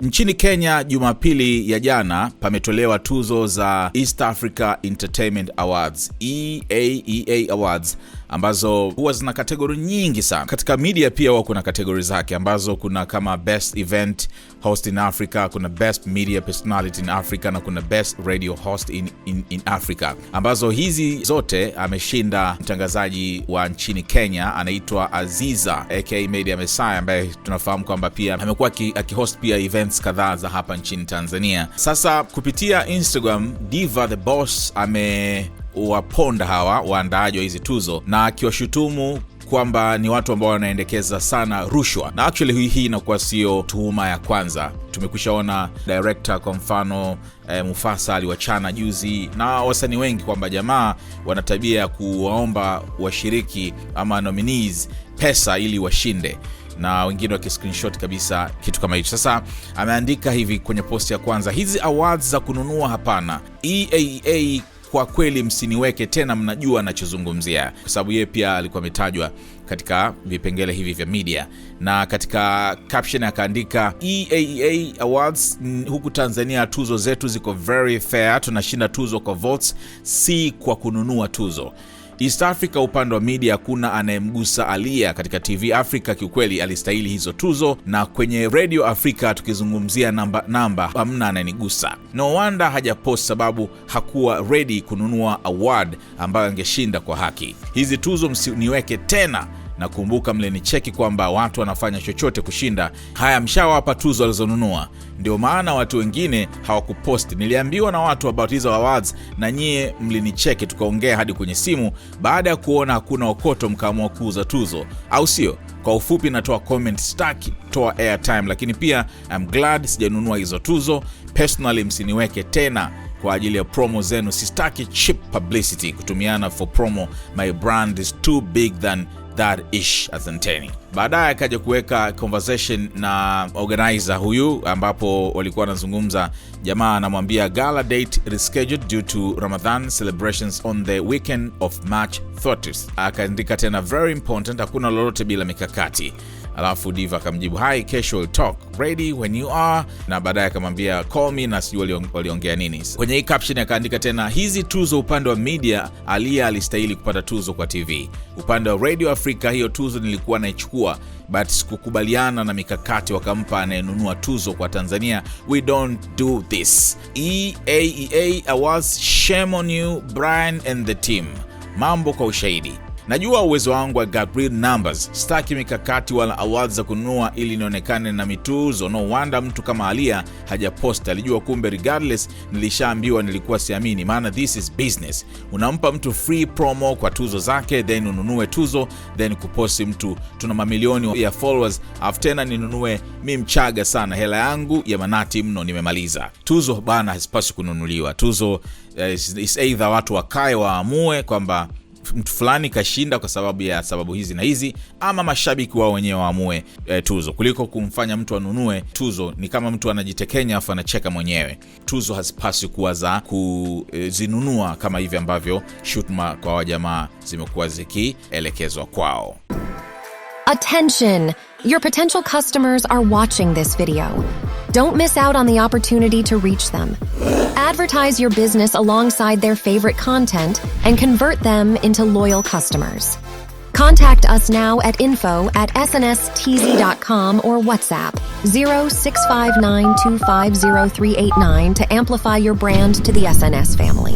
Nchini Kenya Jumapili ya jana pametolewa tuzo za East Africa Entertainment Awards, EAEA e Awards ambazo huwa zina kategori nyingi sana. Katika media pia huwa kuna kategori zake ambazo kuna kama best event host in Africa, kuna best media personality in Africa na kuna best radio host in, in, in Africa, ambazo hizi zote ameshinda mtangazaji wa nchini Kenya anaitwa Aziza aka Media mesai ambaye tunafahamu kwamba pia amekuwa akihost pia events kadhaa za hapa nchini Tanzania. Sasa kupitia Instagram, Diva the Boss ame waponda hawa waandaaji wa hizi tuzo na akiwashutumu kwamba ni watu ambao wanaendekeza sana rushwa, na actually hii inakuwa sio tuhuma ya kwanza. ona direkta kwa mfano e, Mufasa aliwachana juzi na wasanii wengi kwamba jamaa wana tabia ya kuwaomba washiriki ama nominees pesa ili washinde na wengine wakiscreenshot kabisa kitu kama hicho. Sasa ameandika hivi kwenye posti ya kwanza, hizi awards za kununua hapana. EAA kwa kweli msiniweke tena, mnajua anachozungumzia, kwa sababu yeye pia alikuwa ametajwa katika vipengele hivi vya media na katika caption akaandika EAEA Awards huku Tanzania, tuzo zetu ziko very fair, tunashinda tuzo kwa votes, si kwa kununua tuzo. East Africa upande wa media hakuna anayemgusa Alia katika TV Africa. Kiukweli alistahili hizo tuzo, na kwenye Radio Africa tukizungumzia namba namba, hamna anayenigusa. No wonder hajapost sababu hakuwa ready kununua award ambayo angeshinda kwa haki. Hizi tuzo msiniweke tena na kumbuka, mlinicheki kwamba watu wanafanya chochote kushinda haya. Mshawapa tuzo walizonunua, ndio maana watu wengine hawakuposti. Niliambiwa na watu about hizo awards, na nyie mlinicheki, tukaongea hadi kwenye simu. Baada ya kuona hakuna okoto, mkaamua kuuza tuzo, au sio? Kwa ufupi, natoa comment stak toa airtime, lakini pia am glad sijanunua hizo tuzo. Personally, msiniweke tena kwa ajili ya promo zenu. Sistaki chip publicity kutumiana for promo. My brand is too big than that ish asanteni. Baadaye akaja kuweka conversation na organizer huyu, ambapo walikuwa wanazungumza. Jamaa anamwambia gala date rescheduled due to Ramadan celebrations on the weekend of March 30 Akaandika tena very important, hakuna lolote bila mikakati alafu Diva akamjibu hi, kesho talk ready when you are, na baadaye akamwambia call me, na sijui waliongea nini. Kwenye hii caption akaandika tena, hizi tuzo upande wa media, alia alistahili kupata tuzo kwa TV. Upande wa Radio afrika hiyo tuzo nilikuwa naichukua but sikukubaliana na mikakati wakampa anayenunua tuzo kwa Tanzania. We don't do this. EAEA e Awards, shame on you Brian and the team. Mambo kwa ushahidi Najua uwezo wangu wa Gabriel Numbers, staki mikakati wala awards za kununua ili nionekane na mituzo. No mtu kama Alia hajaposta, alijua kumbe. Regardless, nilishaambiwa, nilikuwa siamini, maana this is business. Unampa mtu free promo kwa tuzo zake, then ununue tuzo, then kuposti mtu tuna mamilioni ya followers, afu tena ninunue mi mchaga sana, hela yangu ya manati mno, nimemaliza tuzo bana. hazipaswi kununuliwa tuzo. Uh, is either watu wakae waamue kwamba mtu fulani kashinda kwa sababu ya sababu hizi na hizi, ama mashabiki wao wenyewe waamue e, tuzo kuliko kumfanya mtu anunue tuzo. Ni kama mtu anajitekenya afu anacheka mwenyewe. Tuzo hazipaswi kuwa za kuzinunua kama hivi ambavyo shutma kwa wajamaa zimekuwa zikielekezwa kwao. Attention, your potential customers are watching this video. Don't miss out on the opportunity to reach them. advertise your business alongside their favorite content and convert them into loyal customers. Contact us now at info at snstz.com or WhatsApp 0659250389 to amplify your brand to the SNS family.